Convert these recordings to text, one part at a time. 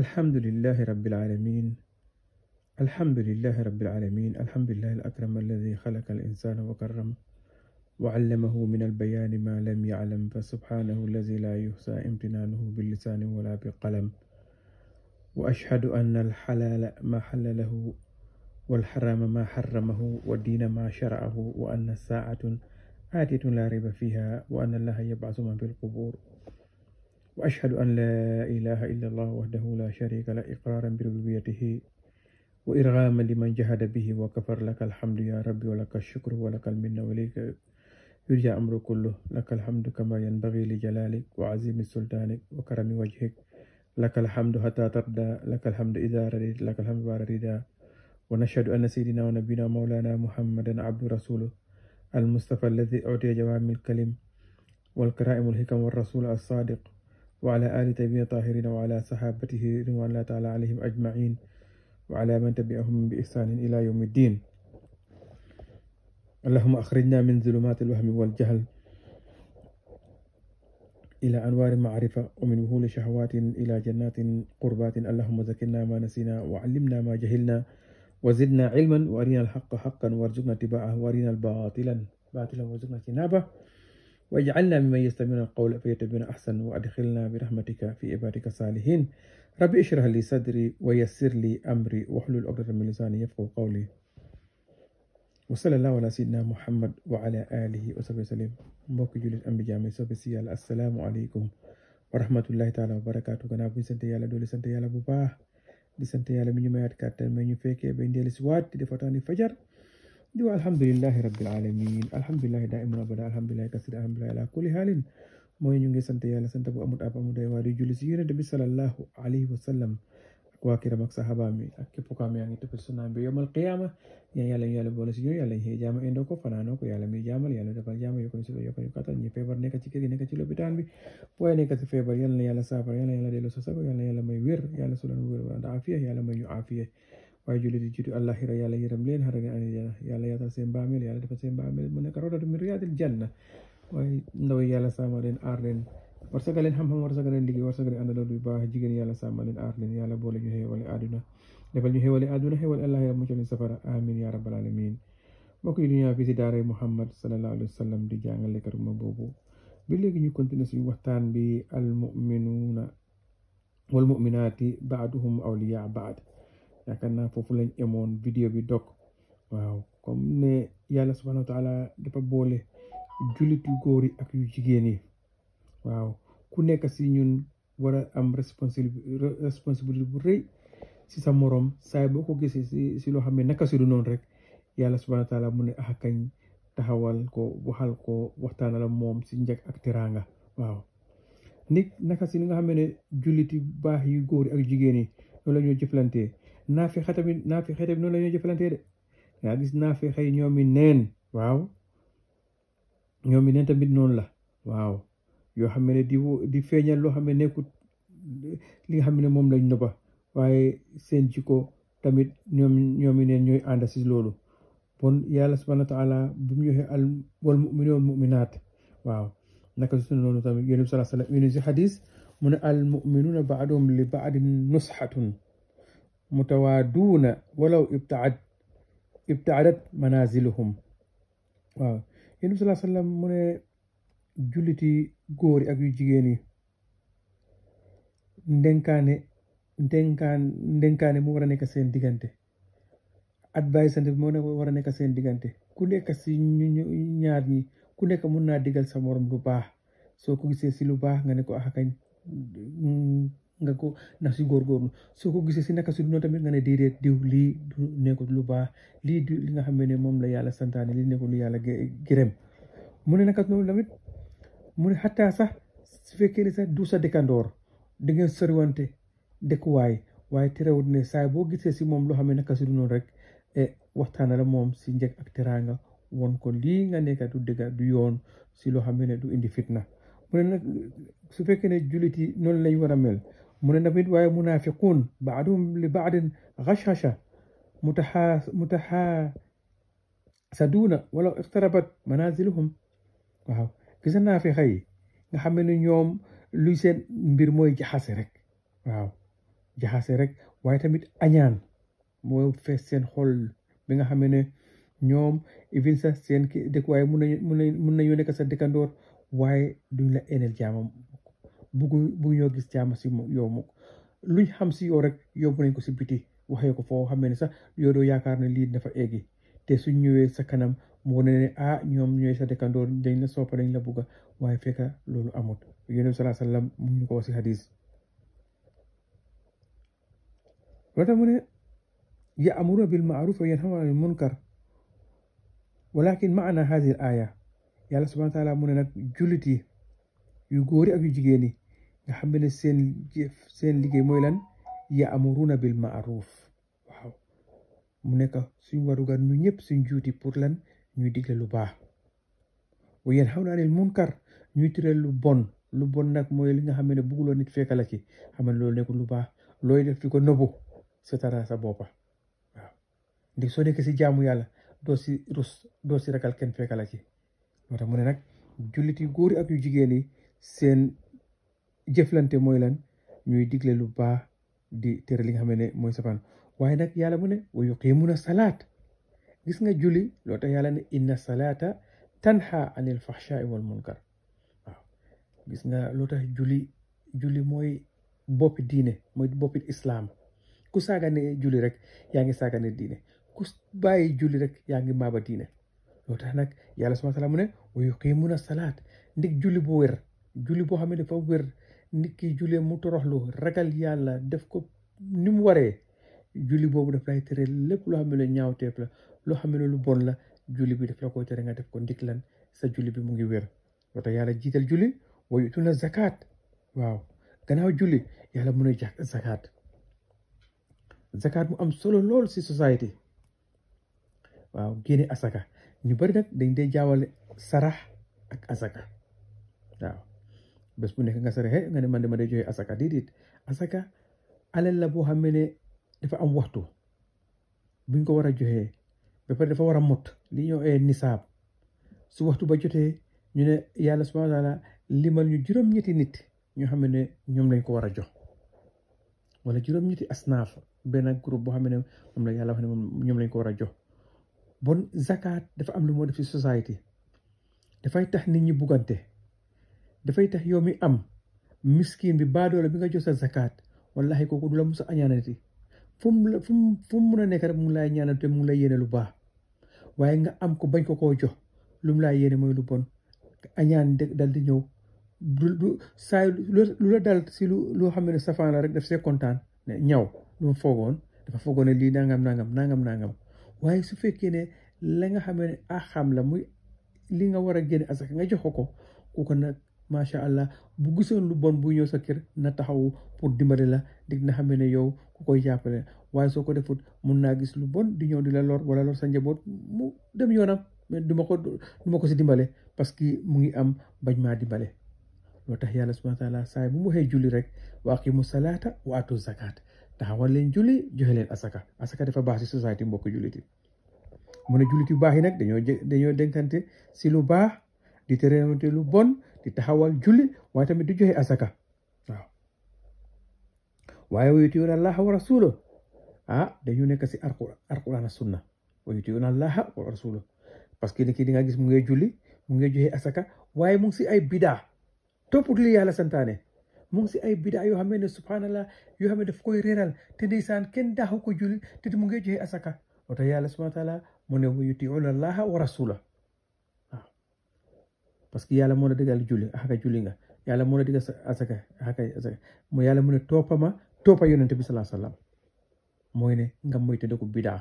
الحمد لله رب العالمين الحمد لله رب العالمين الحمد لله الأكرم الذي خلق الإنسان وكرم وعلمه من البيان ما لم يعلم فسبحانه الذي لا يحصى امتنانه باللسان ولا بالقلم وأشهد أن الحلال ما حلله والحرام ما حرمه والدين ما شرعه وأن الساعة آتية لا ريب فيها وأن الله يبعث من في القبور وأشهد أن لا إله إلا الله وحده لا شريك له إقرارا بربوبيته وإرغاما لمن جهد به وكفر لك الحمد يا ربي ولك الشكر ولك المنة وليك يرجى أمر كله لك الحمد كما ينبغي لجلالك وعظيم سلطانك وكرم وجهك لك الحمد حتى ترضى لك الحمد إذا رديت لك الحمد بعد رضا ونشهد أن سيدنا ونبينا مولانا محمدا عبد رسوله المصطفى الذي أعطي جوامع الكلم والكرائم الحكم والرسول الصادق وعلى آل تيمية طاهرين وعلى صحابته رضوان الله تعالى عليهم أجمعين وعلى من تبعهم بإحسان إلى يوم الدين اللهم أخرجنا من ظلمات الوهم والجهل إلى أنوار معرفة ومن وهول شهوات إلى جنات قربات اللهم ذكرنا ما نسينا وعلمنا ما جهلنا وزدنا علما وأرنا الحق حقا وارزقنا اتباعه وأرنا الباطلا باطلا وارزقنا اجتنابه واجعلنا ممن يستمعون القول فيتبعون احسن وادخلنا برحمتك في عبادك الصالحين ربي اشرح لي صدري ويسر لي امري واحلل عقدة من لساني يفقه قولي وصلى الله على سيدنا محمد وعلى اله وصحبه وسلم مبوك جوليس ام بجامع السلام عليكم ورحمة الله تعالى وبركاته كنا بو سنت يالا دولي سنت يالا بو با دي سنت يالا مي نيو مايات مي نيو فيكي بين ديال سوات دي فوتاني فجر Juga alhamdulillahi rabbil alamin. Alhamdulillah daiman abada alhamdulillah kasir alhamdulillah ala kulli halin. Moy ñu ngi sante yalla sante bu amut apa amudai wa di julli ci yene debi sallallahu alayhi wa sallam. Ak wa kiram ak sahaba mi ak kep ko am yaangi tepp sunna bi yowmal qiyamah. Ya yalla yalla boole ci ya ñu yalla ñi jama endo ko fanano ko ya yalla mi jamal yalla defal jama ko ci yu ko tan ñi febar nek ci kër nek ci lopitaan bi. Boy nek ci febar yalla yalla safar yalla yalla delu sa sa yalla yalla may wër yalla su lan wër afiya yalla may ñu afiya. waaye jullit yi jiitu àllaaxira yàlla yërëm leen xarale aljana yàlla yaatal seen baameel yàlla defal seen baameel mu nekk rawdatu min riyaadil janna waaye ndaw yi yàlla sàmm leen aar leen warsaga leen xam-xam warsaga leen liggéey warsaga leen àndandoo bu baax jigéen yàlla sàmm leen aar leen yàlla boole ñu xéewale àdduna defal ñu xéewale àdduna xéewale àllaaxira mucc leen safara amin ya rabbal alamin mbokk yi duñaa fi si daaray muhammad sallallahu alayhi wa sallam di jàngalekat ma boobu bi léegi ñu continuer suñu waxtaan bi al muminuuna wal muminaati baaduhum awliyaa baad yaakaar naa foofu lañ emoon vidéo bi dog waaw comme ne yàlla subhanahu wa taala dafa boole jullit yu góor yi ak yu jigéen yi waaw ku nekk si ñun war a am responsabilité bu rëy si sa moroom saay boo ko gisee si si loo xam ne naka si du noonu rek yàlla subhanahu wa taala mu ne ax kañ taxawal ko waxal ko waxtaanal moom si njëkk ak teraanga waaw naka si li nga xam ne jullit yu baax yu góor yi ak jigéen yi loolu la ñoo نافخه تبي نافخه تبي نافخة نيجي نافخة دي نافخة غيس نافخه نيومي نافخة واو نافخة نين نافخة نون نافخة واو نافخة خامي دي نافخة دي نافخة لو نافخة نيكو نافخة خامي نافخة لا نافخة واي نافخة جيكو نافخة نيومي نافخة نين نافخة اندسيس نافخة بون نافخة سبحانه نافخة بوم نافخة من mutawaaduuna walaw ibtaad ibtaadat manaziluhum waaw yéen bi salaa sallam mu ne julliti góor yi ak yu jigéen yi ndenkaane ndenkaan ndenkaane mu war a nekk seen diggante advice bi moo ne war a nekk seen diggante ku nekk si ñaar ñi ku nekk mun naa diggal sa morom bu baax soo ko gisee si lu baax nga ne ko ah kañ nga ko ndax si góorgóorlu soo ko gisee si naka si dunoo tamit nga ne déedéet diw lii du nekkul lu baax lii du li nga xam ne moom la yàlla santaane lii nekkul lu yàlla gërëm mu ne naka noonu tamit mu ne xataa sax su fekkee ne sax du sa dëkkandoor di ngeen soriwante dëkkuwaay waaye terewut ne boo gisee si moom loo xam ne naka si dunoon rek eh, waxtaana la moom si njëkk ak teraanga won ko lii nga nekka du dëgga du yoon si loo xam ne du indi fitna mu ne nag su fekkee ne jullit yi noonu lañ war a mel من النبيد واي منافقون بعضهم لبعض غشاشة متحا سدونا ولو اقتربت منازلهم واو كزنا في خي نحمل يوم لوسين مبير موي جحاسرك واو جحاسرك واي تميت أنيان موي فسين خول بيغا خامن نيوم ايفين سا سين كي ديك واي مون مون مون نيو نيك سا ديكاندور واي دون لا انيل جامم bugg bugg ñoo gis jàmm si yow mukk luñ xam si yow rek yóbbu nañ ko si waxee ko foo xamee ne sax yow doo yaakaar ne lii dafa eggi te suñ ñëwee sa kanam mu wane ne ah ñoom ñooy sa dëkkandoor dañ la soppa dañ la bugga waaye fekka loolu amut yonent bi salaa sallam mu ñu ko wax si hadis loolu tax mu ne ya amuruna bil maaruf wa yanhawna anil munkar walakin maana hadihi al aaya yàlla subhaana taala mu ne nag jullit yu góori ak yu jigéen yi nga xam ne seen jëf seen liggéey mooy lan ya'muruna bil ma'ruf waaw mu nekk suñ warugar ñu ñëpp suñ juuti pour lan ñuy digle lu baax wa yanhawna anil kar ñuy tere lu bon lu bon nag mooy li nga xam ne bugguloo nit fekk la ci xam ne loolu nekkul lu baax looy def di ko nëbbu setara sa boppa waaw ndax soo nekk si jaamu yàlla doo si rus doo si ragal kenn fekk la ci moo tax ne nag jullit yu góor ak yu jigéen yi seen jëflante mooy lan ñuy digle lu baax di tere li nga xam ne mooy safaan waaye nag yàlla mu ne wa yuqiimuna salaat gis nga julli loo yàlla ne inna salaata tanha anil fahshaai gis nga loo tax julli julli mooy boppi diine mooy boppi islaam ku saagane julli rek yaa ngi saagane diine ku bàyyi julli yaa ngi maaba diine loo tax nag yàlla subhaanahu wa mu ne wa yuqiimuna salaat ndig julli bu wér julli boo xam ne dafa wér nit ki julee mu toroxlu ragal yàlla def ko ni mu waree julli boobu daf lay tere lépp loo xam ne lu ñaawteef la loo xam ne lu bon la julli bi def la koy tere nga def ko ndik lan sa julli bi mu ngi wér wota yàlla jiital julli wa yutuna zakat waaw gannaaw julli yàlla mun a jax zakat zakat mu am solo lool si société waaw génne asaka ñu bari nag dañ dee jaawale sarax ak asaka bes bu nekk nga sare nga ne man de ma day joxe asaka déedéet asaka alal la boo xam ne dafa am waxtu buñ ko war a joxee ba pare dafa war a mot li ñoo ee nisaab su waxtu ba jotee ñu ne yàlla subhaana wa taala limal ñu juróom-ñetti nit ñoo xam ne ñoom lañ ko war a jox wala juróom-ñetti asnaaf benn groupe boo xam ne moom la yàlla wax ne moom ñoom lañ ko war a jox bon zakat dafa am lu moo def ci société dafay tax nit ñi buggante dafay tax yow mi am miskin bi baadoole bi nga jox sa zakat wallahi kooku du la musa añaanati fu mu la fu mu mun a nekk rek mu ngi lay ñaanal te mu lay yéene lu baax waaye nga am ko bañ ko koo jox lu mu lay mooy lu bon añaan dal di ñëw du saa la dal si lu loo xam ne safaan la rek def see kontaan ne ñaw lu mu foogoon dafa foogoon ne lii nangam nangam nangam nangam waaye su fekkee ne la nga xam ne axam la muy li nga war a génne asaka nga jox ko ko kooku macha allah bu gisoon lu bon bu ñëw sa kër na taxawu pour dimbali la dig na xam ne yow ku koy jàppale waaye soo ko defut mun naa gis lu bon di ñëw di la lor wala lor sa njaboot mu dem yoonam mais du ma ko ma ko si dimbale parce que mu ngi am bañ maa dimbale loo tax yàlla subhaana taala saa bu mu waxee julli rek wa aqimu salaata wa atu zakat taxawal leen julli joxe leen asaka asaka dafa baax si société mbokk julliti mu ne jullit yu baax yi si lu baax di terewante lu bon di taxawal julli waaye tamit du joxe asaka waaw waaye wa yutiuna allaha wa rasula ah dañu nekk si alquran sunna wa yutiuna allaha parce que ni kii di nga gis mu ngi julli mu ngi joxe asaka waaye mu si ay bidaa topput li yàlla santaane mu si ay bidaa yoo xam ne subhanallah yoo xam ne daf koy réeral te ndeysaan kenn daaxu ko julli te mu ngi joxe asaka moo tax yàlla subhanahu wa taala mu ne wa yutiuna wa rasula parce que yàlla moo la digal julli axaka ah nga yàlla moo la digal asaka axaka ah ne toppa toppa yonente bi salaa mooy ne nga moytandiku bidaa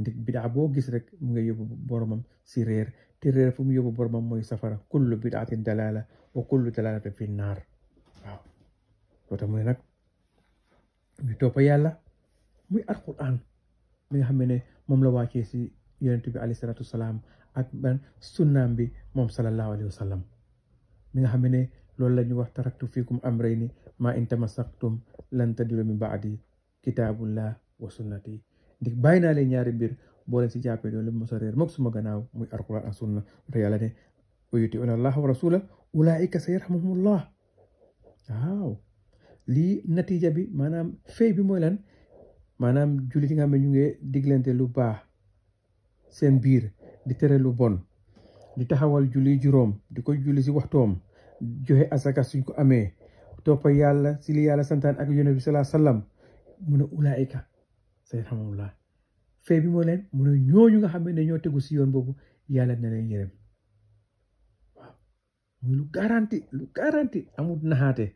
ndi bidaa boo gis rek mu nga yóbbu boromam si réer te réer fu mu yóbbu boromam safara kullu bidaatin dalala wa kullu dalalatin fi naar waaw yàlla muy moom la wàccee si yonente bi alayhi salaatu salaam ak ban sunnam bi mom sallallahu Alaihi Wasallam. mi nga xamene ne loolu la wax taraktu fiikum amrayni ma in tamassaktum lan tadilu min ba'di kitabullah wa sunnati dik bayna le leen ñaari mbir boo leen si jàppee loolu mo sa reer mok suma gannaaw muy alquran ak sunna te ne wa yutiuna allah wa rasula ulaika sa yarhamuhumullah waaw lii natiija bi manam fay bi moy lan manam julit nga xam ñu ngi diglante lu baax sen bir di tere lu bon di taxawal julli juróom di koy julli si waxtoom joxe asaka suñ ko amee toppa yàlla si li yàlla santaan ak yonent bi salaa sallam mu ka ulaayika sayarhamullah fee bi moo leen mu ne ñooñu nga xam ne ñoo tegu si yoon boobu yàlla na leen yërëm waaw muy lu garanti lu garanti amul naxaate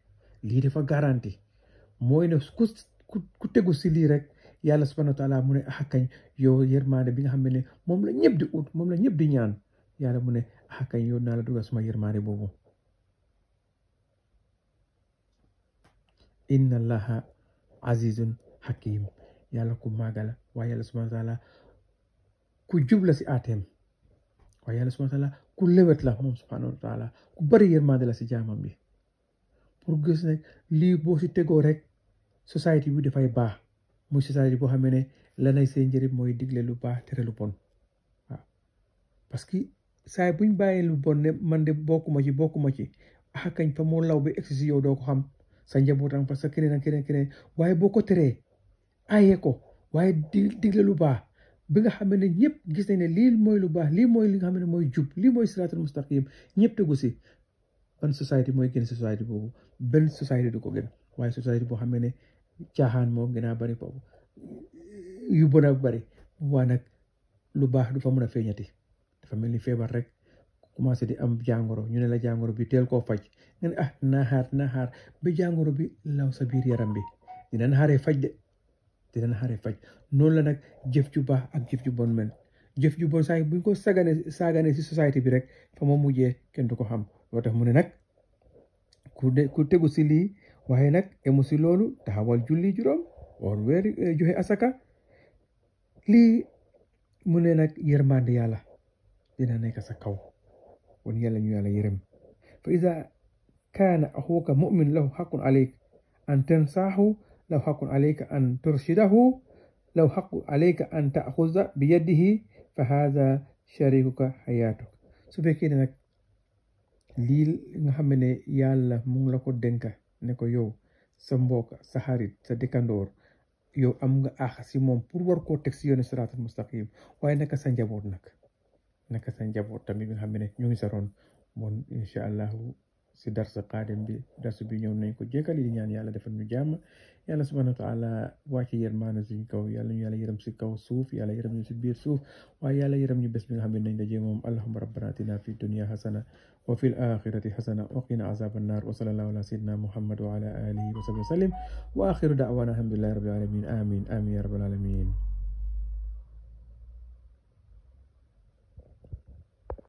lii dafa garanti mooy ne ku tegu si lii rek yàlla subhanahu wa taala mu ne axakañ yow yërmaande bi nga xam ne moom la ñëpp di ut moom la ñëpp di ñaan yàlla mu ne axakañ yow naa la dugal suma yërmaande boobu inna allaha azizun hakim yàlla ku màggala waaye yàlla subhanahu wa taala ku jubla si aateem waaye yàlla subhanahu wa taala ku lewet la ku bari yërmaande si jaamam bi pour gis nag lii boo si tegoo rek société bi dafay baax muy société boo xam ne la lanay see njëriñ mooy digle lu baax tere lu bon waaw parce que saay buñ bàyyi lu bon ne man de bokkuma ci bokkuma ci xakkañ ah fa moo law ba egsi si yow doo ko xam sa njabootam parce que keneen ak keneen keneen waaye boo ko teree ayee ko waaye di digle lu baax bi nga xam ne ñëpp gis nañ ne lii mooy lu baax lii mooy li nga xam ne mooy jub lii mooy siraatul mustaqim ñëpp tegu si ban société mooy gën société boobu benn société du ko gën waaye société boo xam ne cahan mo gina bari fof yubbona bari wanak lu baax du fa mun a feeñati dafa mel ni feebar rek commencé di am jàngoro ñu ne la jàngoro bi teel koo faj nga ne ah naa xaar naa xaar ba jàngoro bi law sa biir yaram bi dinan xaree faj de dinan xaree faj noonu la nag jëf ju baax ak jëf ju bon mel jëf ju bon saay buñ ko sagane saagane si society bi rek fa moo mujjee kenn du ko xam loo tax mu ne nag ku ku tegu si lii waaye nag emu si loolu taxawal julli juróom or weer joxe asaka lii mu ne nag yërmande yàlla dina nekk sa kaw kon yàlla ñu yàlla yërëm fa ida kaana axuuka mumin lahu xaqun aleyk an tansaahu lahu xaqun aleyka an turshidahu lahu xaqun aleyka an taaxuza bi yadihi fa haada sharikuka xayaatu su fekkee ne nag lii nga xam ne yàlla mu ngi la ko dénka ne ko yow sa mbokk sa xarit sa dëkkandoor yow am nga àq si moom pour war koo teg si yoonu siraatul mustaqim waaye naka sa njaboot nag naka sa njaboot tamit bi nga xam ne ñu ngi sa roon bon incha allahu si darsa qadim bi darsa bi ñëw nañ ko jékkal yi di ñaan yàlla defal ñu jàmm yàlla subhanahu wa taala wàcc yërmaana suñ kaw yàlla ñu yàlla yërëm si kaw suuf yàlla yërëm ñu si biir suuf waaye yàlla yërëm ñu bés bi nga xam ne nañ daje moom allahuma rabbana atina fi dunia hasana wa fi alaxirati hasana wa qina azab annar wa sallallahu ala sayidina muhammad wa ala alihi wa sahbihi wa sallim wa axiru da'wana alhamdulillahi rabbil alamin amin amin ya rabbal alamin